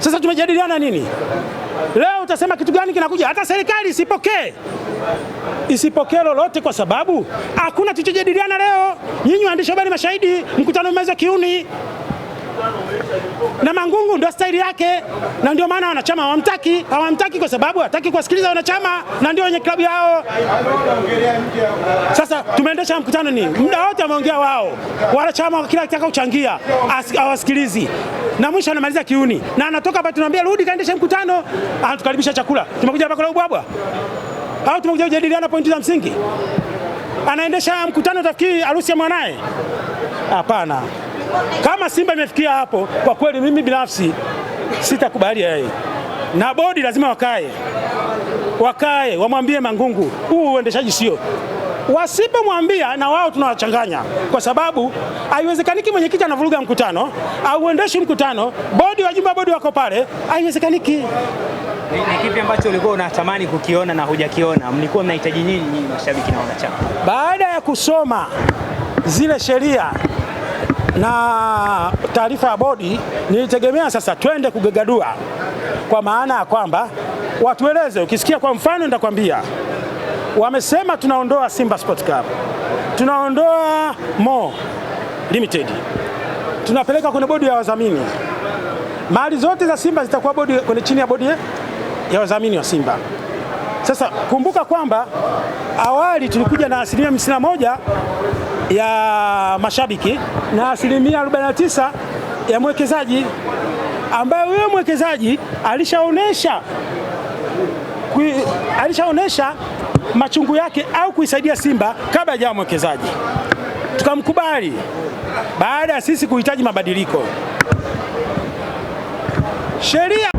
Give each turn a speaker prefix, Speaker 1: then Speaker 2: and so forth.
Speaker 1: Sasa tumejadiliana nini? Leo utasema kitu gani kinakuja? Hata serikali isipokee, isipokee lolote, kwa sababu hakuna tulichojadiliana leo. Nyinyi waandishi habari mashahidi, mkutano umeweza kiuni na Mangungu ndio staili yake, na ndio maana wanachama hawamtaki. Hawamtaki kwa sababu hataki kuwasikiliza wanachama, na ndio wenye klabu yao. Sasa tumeendesha mkutano ni muda wote, ameongea wao, wanachama kila kitaka kuchangia hawasikilizi, na mwisho anamaliza kiuni na anatoka hapa, tunamwambia rudi, kaendeshe mkutano. Anatukaribisha chakula, tumekuja hapa kula ubwabwa au tumekuja kujadiliana pointi za msingi? Anaendesha mkutano, tafikiri harusi ya mwanaye? Hapana. Kama Simba imefikia hapo, kwa kweli mimi binafsi sitakubali yeye, na bodi lazima wakae wakae, wamwambie Mangungu, huu uendeshaji sio wasipomwambia na wao tunawachanganya, kwa sababu haiwezekaniki mwenyekiti anavuruga mkutano au uendeshi mkutano, bodi jumba, bodi wako pale, haiwezekaniki.
Speaker 2: Ni kipi ambacho ulikuwa unatamani kukiona na hujakiona? Mlikuwa mnahitaji nini nyinyi mashabiki na wanachama,
Speaker 1: baada ya kusoma zile sheria na taarifa ya bodi nilitegemea sasa twende kugegadua, kwa maana ya kwamba watueleze. Ukisikia kwa mfano, nitakwambia wamesema tunaondoa Simba Sports Club, tunaondoa Mo Limited, tunapeleka kwenye bodi ya wadhamini. Mali zote za Simba zitakuwa bodi kwenye chini ya bodi ya wadhamini wa Simba. Sasa kumbuka kwamba awali tulikuja na asilimia moja ya mashabiki na asilimia 49 ya mwekezaji, ambayo huyo mwekezaji alishaonesha alishaonesha machungu yake au kuisaidia Simba kabla hajawa mwekezaji, tukamkubali baada ya sisi kuhitaji mabadiliko sheria